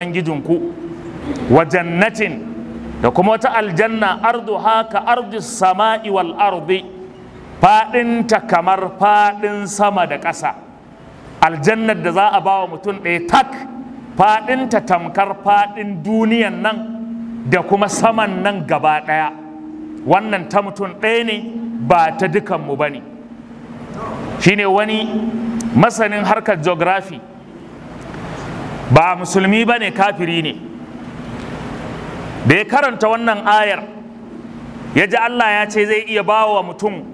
ubangijinku wa jannatin da kuma wata aljanna ardu haka ardu sama'i wal ardi faɗinta kamar faɗin sama da ƙasa aljannar da za a ba wa mutum ɗaya tak faɗinta tamkar faɗin duniyan nan da kuma saman nan gaba ɗaya wannan ta mutum ɗaya ne ba ta dukanmu ba ne shine wani masanin harkar geography ba musulmi ba ne kafiri ne da ya karanta wannan ayar ya ji Allah ya ce zai iya bawa mutum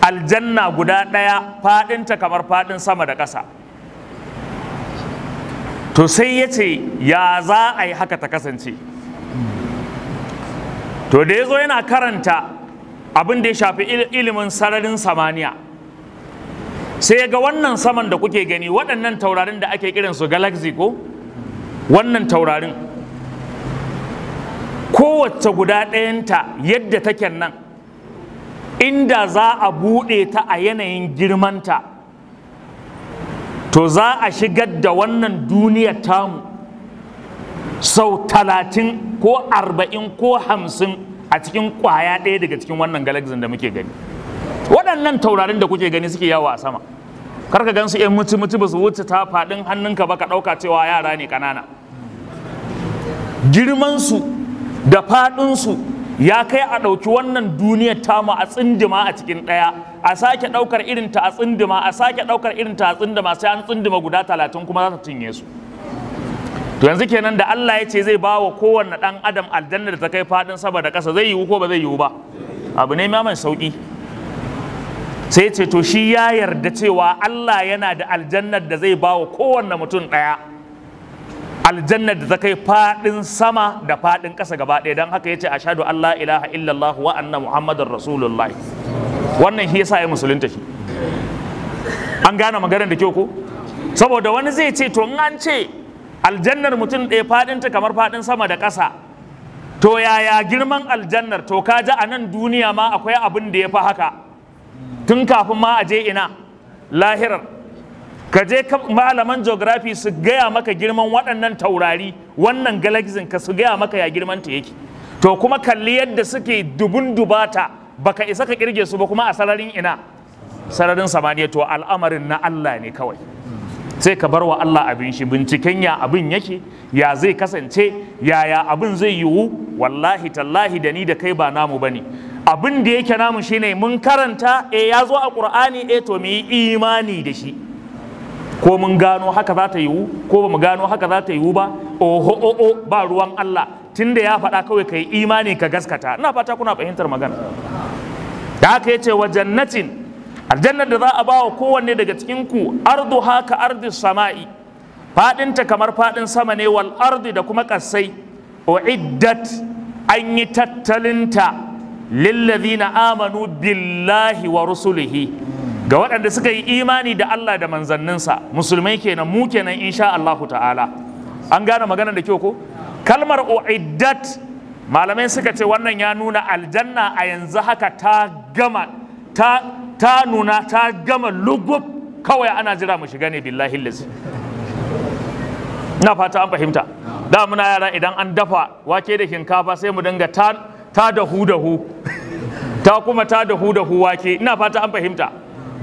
aljanna guda ɗaya faɗinta kamar faɗin sama da ƙasa to sai ya ce ya za a yi haka ta kasance to da ya zo yana karanta abin da ya shafi ilimin sararin samaniya sai ga wannan saman da kuke gani waɗannan taurarin da ake kiransu galaxy ko wannan taurarin kowace guda ɗayanta yadda take nan inda za a buɗe ta a yanayin girmanta to za a shigar da wannan duniya tamu sau talatin ko arba'in ko hamsin a cikin ƙwaya ɗaya daga cikin wannan galaxy da muke gani waɗannan taurarin da kuke gani suke yawo a sama kar ka gan su yan mutu mutu ba su wuce ta faɗin hannunka ba ka ɗauka cewa yara ne ƙanana girmansu da faɗinsu ya kai a ɗauki wannan duniyar ta tamu a tsindima a cikin ɗaya a sake ɗaukar irinta a tsindima a sake ɗaukar irinta a tsindima sai an tsindima guda talatin kuma za ta cinye su to yanzu kenan da Allah ya ce zai ba wa kowanne ɗan adam aljanna da ta kai faɗin sama da ƙasa zai yiwu ko ba zai yiwu ba abu ne ma mai sauki. sai ce to shi ya yarda cewa Allah yana da aljannar da zai bawa wa kowanne mutum ɗaya aljannar da ta kai faɗin sama da faɗin ƙasa gaba ɗaya don haka ya ce shaɗu Allah ilaha illallah wa anna muhammadun rasulullah wannan shi yasa ya musulunta shi an gane maganar da kyau ko saboda wani zai ce to in an ce aljannar mutum ɗaya faɗinta kamar faɗin sama da ƙasa to yaya girman aljannar to ka ji a nan duniya ma akwai abin da ya fi haka tun kafin ma a je ina lahirar ka je malaman geography su gaya maka girman waɗannan taurari wannan galaxin ka su gaya maka ya girman ta yake to kuma kalli yadda suke dubun dubata baka isa ka kirge su ba kuma a sararin ina sararin samaniya to al'amarin na Allah ne kawai sai ka bar wa Allah abin shi binciken ya abin yake ya zai kasance yaya abin zai yiwu wallahi tallahi da ni da kai ba namu bane abin da yake namu shine mun karanta e ya zo a ƙur'ani e eh, to mu yi imani da shi ko mun gano haka za ta yiwu ko ba mu gano haka za ta yiwu ba oho oho ba ruwan Allah tunda ya faɗa kawai ka yi imani ka gaskata ina fata kuna fahimtar magana da haka ce wa jannatin aljannar da za a bawa kowanne daga cikin ku ardu haka ardi sama'i faɗinta kamar faɗin sama ne wal ardi da kuma ƙasai, iddat an yi tattalinta lillazina amanu billahi wa rusulihi ga waɗanda suka yi imani da Allah da manzanninsa musulmai kenan mu kenan insha Allahu ta'ala an gane magana da kyau ko kalmar uiddat malamai suka ce wannan ya nuna aljanna a yanzu haka ta gama ta ta nuna ta gama lugub kawai ana jira mu shiga ne billahi lazi na fata an fahimta da muna yara idan an dafa wake da shinkafa sai mu dinga ta ta dahu dahu ta kuma ta dahu dahu wake ina fata an fahimta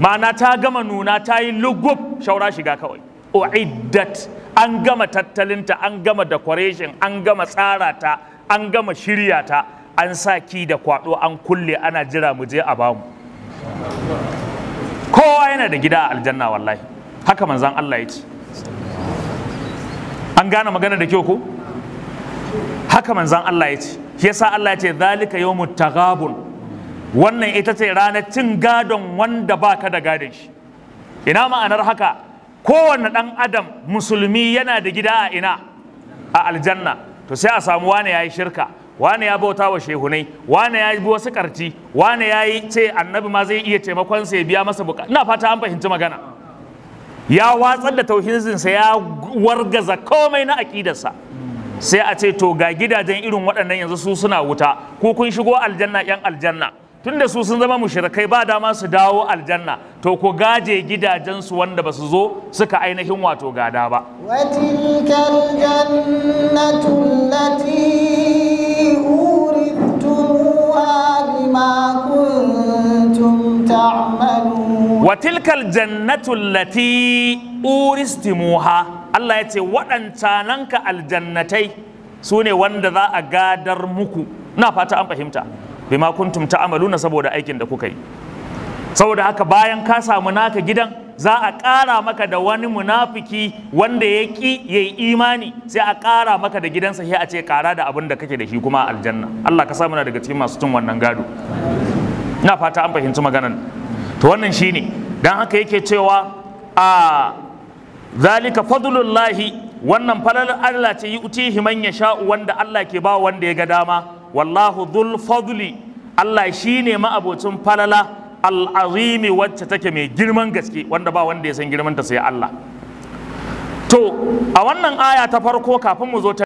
ma'ana ta gama nuna ta yi lugub shaura shiga kawai uiddat an gama tattalinta an gama decoration an gama tsara ta an gama shirya ta an sa ki da kwado an kulle ana jira mu je a bamu kowa yana da gida a aljanna wallahi haka manzan Allah ya ce an gane magana da kyau ko haka manzan Allah ya ce ke sa Allah ya ce zalika yawmut taghabun wannan ita ce ranar cin gadon wanda baka da gadon shi ina ma'anar haka kowanne ɗan adam musulmi yana da gida a ina a aljanna to sai a samu wane yayi shirka wane ya bauta wa shehunai wane ya bi wasu karti wane ya yi ce annabi ma zai iya taimakon sa ya biya masa buka ina fata an fahimci magana ya watsar da sa ya wargaza komai na aƙidarsa sai a ce to ga gidajen irin waɗannan yanzu su suna wuta ko kun shigo aljanna yan aljanna tunda su sun zama mushrikai ba dama su dawo aljanna to ku gaje gidajensu wanda ba su zo suka ainihin wato gada ba watilkal jannatu allati urithumuha bima kuntum ta'malun watilkal jannatu allati uristumuha Allah ya ce waɗanta nan ka aljannatai su ne wanda za a gadar muku na fata an fahimta bima kuntum na saboda aikin da kuka yi saboda haka bayan ka samu naka gidan za a ƙara maka da wani munafiki wanda ya ƙi ya yi imani sai a ƙara maka da gidansa sai a ce ƙara da abin da kake da shi kuma aljanna Allah ka samu daga cikin masu cin wannan gado na fata an fahimci maganan to wannan shine dan haka yake cewa a ah, zalika fadlullahi wannan falal Allah ce yi utihi man sha'u, wanda Allah ke ba wanda ya ga dama wallahu dhul fadli Allah shi shine ma'abocin falala al'azimi wacce take mai girman gaske wanda ba wanda ya san girmanta sai Allah to a wannan aya ta farko kafin mu zo ta